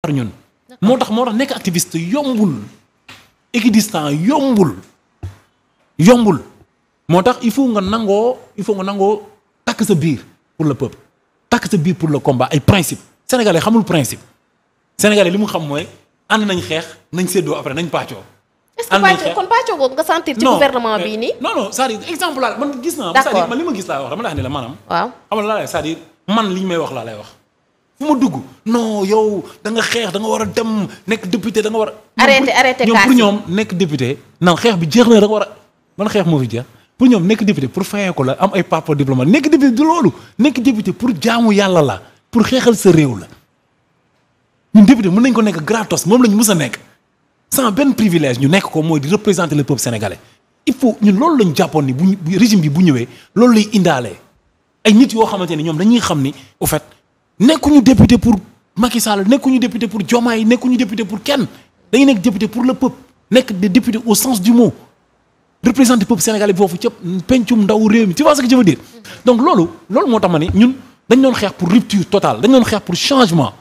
par ñun moo tax moo tax nekk activiste yombul yombul yombul moo tax il faut nga nangoo il faut nga nangoo takk sa biir pour le peuple takk sa biir pour le combat ay principe sénégalais xamul principe sénégalais li mu xam mooy ànd nañ xeex nañ séddoo après nañ pàccoo. ànd nañ xeex est que pàccoo kon pàccoo boobu nga sentir. ci gouvernement bii nii. non non cest exemple laa man gis naa. man li ma gis laa wax dama lay wax ne la maanaam. waaw xam nga laa lay cest à man li ñu may wax laa lay wax. fu ma dugg non yow danga xeex danga war a dem nekk député da nga war a. arrêté arrêté ñoom pour ñoom nekk député. non xeex bi jeex na da nga war a man xeex moo fi jeex pour ñoom nekk député pour fayee ko la am ay papa diplomate nekk député du loolu nekk député pour jaamu yàlla la pour xeexal sa réew la ñun député mun nañ ko nekk gratos moom la ñu mus a nekk sans benn privilège ñu nekk ko mooy di représenter le peuple sénégalais il faut ñun loolu lañ jàppoon ni bu régime bi bu ñëwee loolu lay indaalee ay nit yoo xamante ni ñoom dañuy xam ni au fait. nekkuñu député pour Macky Sall nekkuñu député pour Diomaye nekkuñu député pour kenn dañu nekk député pour le peuple nekk des députés au sens du mot représenter peuple sénégalais bi foofu ca pencum ndaw réew mi tu vois ce que je donc loolu loolu moo tax ma ne ñun dañ doon xeex pour rupture totale dañ doon xeex pour changement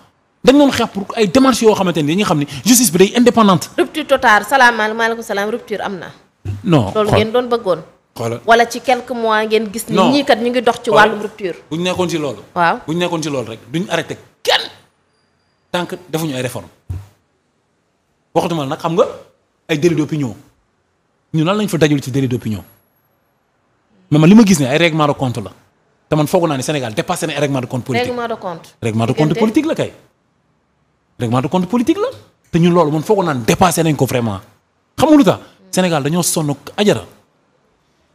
dañ doon xeex pour ay démarches yoo xamante ne dañu xam ne justice bi day indépendante. rupture totale salaamaaleykum salaam rupture am na. wala ci quelque mois ngeen gis ni ñii kat ñu ngi dox ci wàllum rupture buñ nekkoon ci loolu waaw buñ nekkoon ci loolu rek duñ arrêté kenn tant que defuñu ay réforme waxatuma nag xam nga ay délit d'opinion ñu lan lañ fa dajul ci délit d'opinion mais man li ma gis ne ay règlement de compte la te man foog naa ne Sénégal dépassé na ay règlement de compte politique règlement de compte règlement de compte politique la kay règlement de compte politique la te ñun loolu man foog naa ne dépassé nañ ko vraiment xam lu tax Sénégal dañoo sonn ajara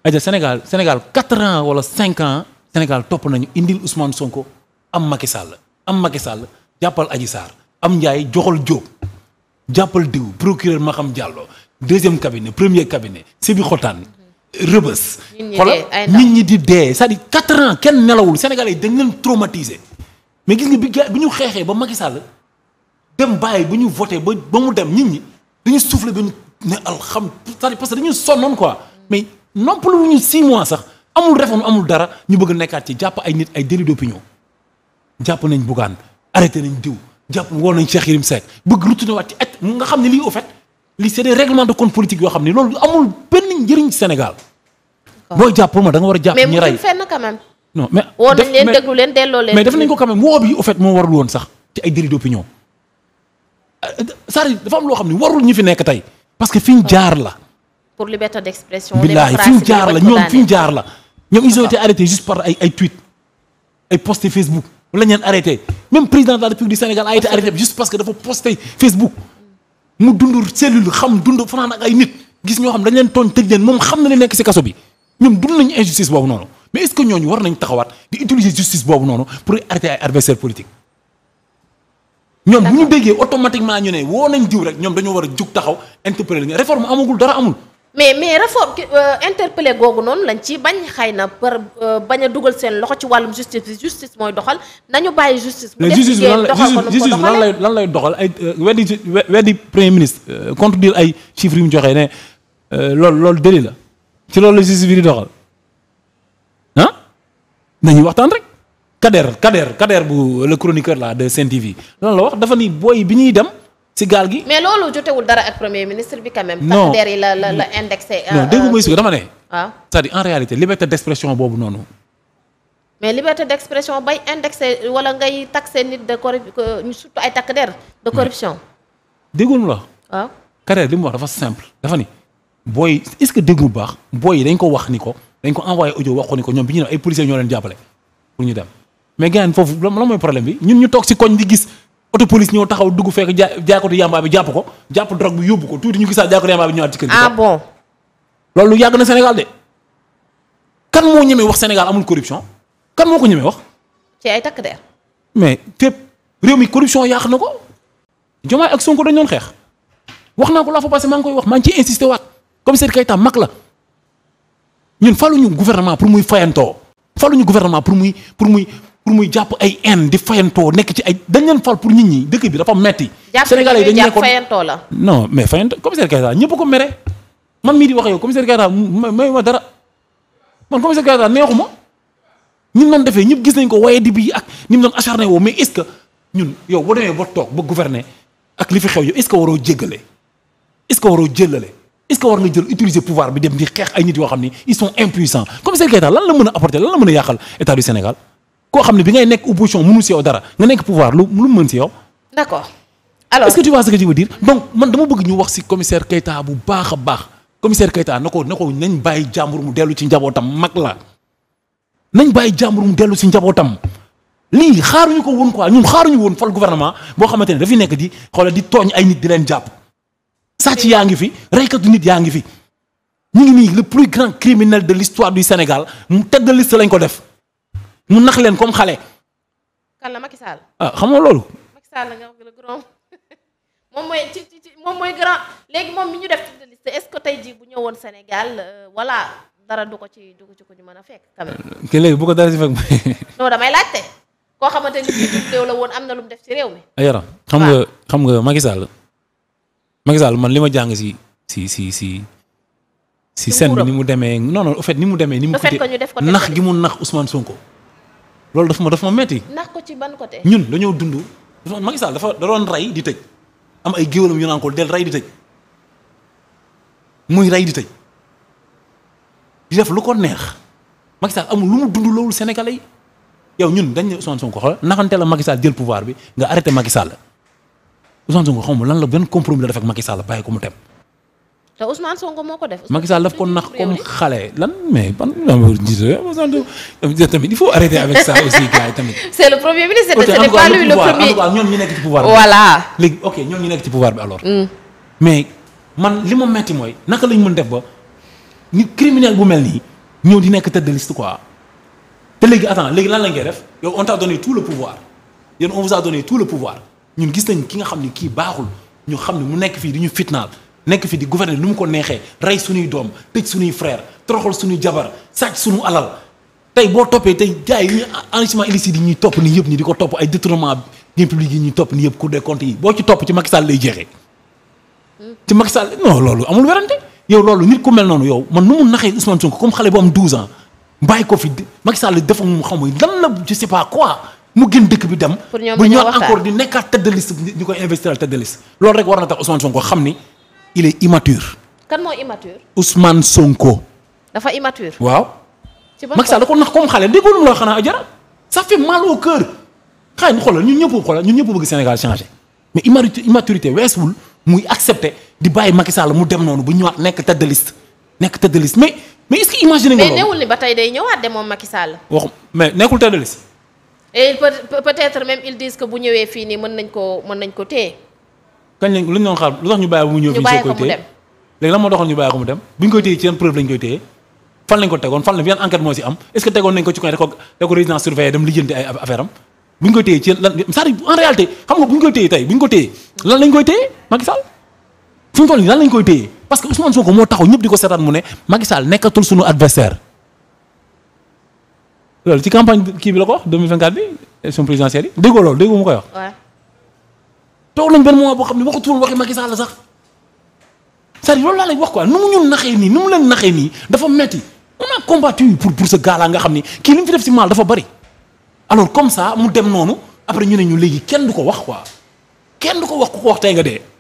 aja Sénégal Sénégal quatre ans wala cinq ans Sénégal topp nañu indil Ousmane Sonko am Macky Sall am Macky Sall jàppal Adji Sarr am Ndiaye joxal Diop jàppal diw procureur Maham Diallo deuxième cabinet premier cabinet Sébi Xotaan Rëbës. xoolal nit ñi di dee c'est-à-dire kenn nelawul Sénégalais yi dañ leen mais gis nga bi ga bi ñu xeexee ba Macky Sall dem bàyyi bu ñu voté ba ba mu dem nit ñi dañu soufflé ba ñu ne alxam cest à que dañu sonnoon quoi mais. noppaluwuñu six mois sax amul réforme amul dara ñu bëgg nekkaat ci jàpp ay nit ay délit d'opinion jàpp nañ Bougane arrêté nañ diw jàpp woo nañ Cheikh Yérim Seck bëgg retourné waat ci at nga xam ne lii au fait lii c'est des règlements de compte politique yoo xam ne loolu amul benn njëriñ Sénégal. booy jàpp ma da nga war a jàpp ñi rey mais fenn quand même. non mais woon nañ leen déglu leen delloo leen. mais def nañ ko quand même woo bi au fait moo warul woon sax ci ay délit d'opinion. Euh, Sarr dafa am loo xam ne warul ñu fi nekk tey parce que fi ñu jaar la. pour liberté billaahi fi ñu la ñoom fi ñu jaar la. ñoom ils ont été arrêtés juste par ay ay tweet ay post Facebook la du Sénégal parce que dafa posté Facebook mu dund cellule xam dund fanaan ak ay nit gis ñoo xam dañ leen tooñ tëj leen moom xam na li nekk ci kaso bi ñoom dund nañu injustice boobu noonu mais est-ce que ñooñu war nañ taxawaat di utiliser justice boobu noonu pour arrêter ay adversaires politiques. ñoom bu ñu déggee automatiquement ñu ne woo nañ diw rek ñoom dañoo war a jug taxaw interpeller r réforme amagul dara amul. mais mais réforme euh, interpellé googu noonu lañ ci bañ xëy na par euh, bañ a dugal seen loxo ci wàllum justice bi justice mooy doxal nañu bàyyi justice. bu dee liggéey doxal ko justice lan lay lan lay doxal ay euh, weddi weddi premier ministre contredire ay chiffres yu mu joxee ne loolu loolu déli la ci loolu la justice bi di doxal nañuy waxtaan rek. Kader Kader Kader bu le chroniqueur là de Sen TV lan la wax dafa ni booy bi ñuy dem. si gaal gi. mais loolu jotewul dara ak premier ministre bi quand même. non tax la la la indexé. Euh, non dégg nga dama ne. waaw ah. cest boobu noonu. mais liberté d'expression bay indexé wala ngay taxé nit de corruption surtout ay takk der de corruption. déggul mu la. waaw Kader li mu wax dafa simple. dafa ni booy est-ce que déggu baax booy yi dañ ko wax ni ko dañ ko envoyé audio wax ko ni ko ñoom bi ñu dem ay policiers ñoo leen jàppale pour ñu dem mais gars foofu lan mooy problème bi ñun ñu toog si koñ di gis. auto police ñëw taxaw dugg fekk jaa jaakatu yamba bi jàpp ko jàpp drogue bi yóbbu ko tuuti ñu gisaat jaakatu yamba bi ñëwaat ci ah bon. loolu yàgg na Sénégal de kan moo ñemee wax Sénégal amul corruption kan moo ko ñemee wax. ci ay takk der. mais fépp réew mi corruption yàq na ko ak Sonko dañu doon xeex wax naa ko laa fa passé maa ngi koy wax maa ngi ciy insisté waat commissaire Keita mag la ñun faluñu gouvernement pour muy fayantoo faluñu gouvernement pour muy pour muy. pour muy jàpp ay haine di fayantoo nekk ci ay dañ leen fal pour nit ñi dëkk bi dafa metti Sénégalais yi dañu nekkoon fayantoo la non mais fayantoo commissaire Keita ñëpp ko mere man mii di wax yow commissaire Keita ma dara man commissaire Keita defee ñëpp gis nañ ko waaye di bi ak ni mu doon acharné woo mais est-ce que ñun yow boo demee ba toog ba gouverner li fi xew yow est-ce que waroo jéggale est-ce que jël utiliser pouvoir bi dem di xeex ay yoo xam ni ils sont impuissants commissaire Keita lan la mën a apporter lan la mën a yàqal état du Sénégal koo xam ne bi ngay nekk opposition mënu si yow dara nga nekk pouvoir lu lu mën si yow. d'accord alors est-ce que tu vois ce que je donc man dama bëgg ñu wax si commissaire Keita bu baax a baax commissaire Keita na ko na ko nañ bàyyi jàmbur mu dellu ci njabootam mag la nañ bàyyi jàmbur mu dellu si njabootam. lii xaaruñu ko woon quoi ñun xaaruñu woon fal gouvernement boo xamante ne dafi nekk di xoolal di tooñ ay nit di leen jàpp. sàcc yaa ngi fi reykatu nit yaa ngi fi ñu ngi nii le plus grand criminel de l'histoire du Sénégal mu tête de lañ ko def. mu nax leen comme xale. kan la Macky Sall. Ah, xam nga loolu. Macky Sall nga wax moom mooy ci moom mooy grand léegi moom mi ñu def ci est-ce que tey jii bu ñëw ñëwoon Sénégal euh, voilà dara du ko ci du ko ko ñu mën a fekk. Euh, kii léegi bu ko dara si fekk. non damay laajte koo xamante ni réew am na lu mu def ci réew mi. yaram xam nga xam nga Macky Sall. Macky Sall man li ma jàng si si si si. si scène bi ni mu demee non non au fait ni mu demee. ni mu nax gi mu nax Ousmane Sonko. loolu dafa ma dafa ma metti. nax ko ci ban côté. ñun dañoo dund Macky Sall dafa da rey di tëj am ay géwélam yu naan ko del rey di tëj muy rey di tëj di def lu ko neex Macky Sall amul lu mu dund loolu Sénégalais yi yow ñun dañ ne Ousmane Sonko xool naxante la Macky Sall jël pouvoir bi nga arrêté Macky Sall Ousmane Sonko xaw lan la benn compromis la def ak Macky Sall bàyyi ko mu dem. te Ousmane Sonko moo ko def. Macky Sall daf ko nax comme xale lan mais ban tamit il faut arrêter avec ça aussi gars yi tamit. c' est le premier ministre c' est ñu nekk ci pouvoir bi voilà. léegi ok ñoom ñu nekk ci pouvoir bi alors. Mm. mais man li ma metti mooy naka lañ mën def ba nit criminel bu mel nii ñëw di nekk tête de liste quoi te léegi attends léegi lan lañ koy def yow on t' tout le pouvoir yéen on vous tout le pouvoir ñun gis nañ ki nga xam ne kii baaxul ñu xam ne mu nekk fii di ñu fitnaal. nekk fi di gouverner nu mu ko neexee rey suñuy doom tëj suñuy frère toroxal suñuy jabar sàcc suñu alal tey boo toppee tey jaay yi ñu enrichissement illicite yi ñuy topp nii yëpp ñu di ko topp ay détournement bien public yi ñuy topp nii yëpp Cour des comptes yi boo ci topp ci Macky Sall lay jeexee. Hmm. ci Macky Sall loolu amul werante yow loolu nit ku mel noonu yow man nu mu naxee Ousmane Sonko comme xale boo am 12 ans bàyyi ko fi Macky Sall dafa mu xamul lan la je sais pas quoi mu bi dem. pour ñoom bu encore di nekkaat ñu koy investir tête de loolu rek war na tax Ousmane Sonko xam ni il est immature. kan moo immature. Ousmane Sonko. dafa immature. waaw. ci Macky Sall da ko nax comme xale déggoo lu la xanaa ajara ça fait mal au cœur xëy na xoolal ñu ñëpp xoolal ñu ñëpp bëgg Sénégal changé mais immaturité weesuwul muy accepté di bàyyi Macky Sall mu dem noonu bu ñëwaat nekk tête de nekk tête de liste mais mais est-ce que nga loolu ni ba tey day ñëwaat de moom Macky Sall. wax mais nekkul tête de peut peut-être même ils disent bu ñëwee fii nii mën nañ koo mën nañ ko téye. kañ lañ lu ñu doon xaar lu tax ñu bàyyi mu ñëw fii soo koy téye léegi lan moo doxal ñu bàyyi ko mu dem bu ñu koy téye ci yan preuve lañ koy téye fan lañ moo si am est ce que tegoon nañ ko ci ko da ko résidence surveillée dem lijjanti ay koy téye ci yan lan lañ koy téye Macky fu ñu lañ koy téye parce que Ousmane Sonko moo taxaw ñëpp di ko seetaan mu ne Macky Sall nekkatul suñu adversaire loolu ci campagne kii bi la ko wax 2024 bi élection présidentielle yi déggoo loolu déggoo mu koy wax toog nañ benn moment boo xam ne waxu tuul waxi Macky Sall sax c'est-à-dire loolu laa lay wax ko nu mu ñun naxee nii nu mu leen naxee nii dafa metti on a combattu pour pour ce gars nga xam ni kii li mu fi def si mal dafa bari alors comme ça mu dem noonu après ñu ne ñu léegi kenn du ko wax quoi kenn du ko wax ku ko wax tey nga dee.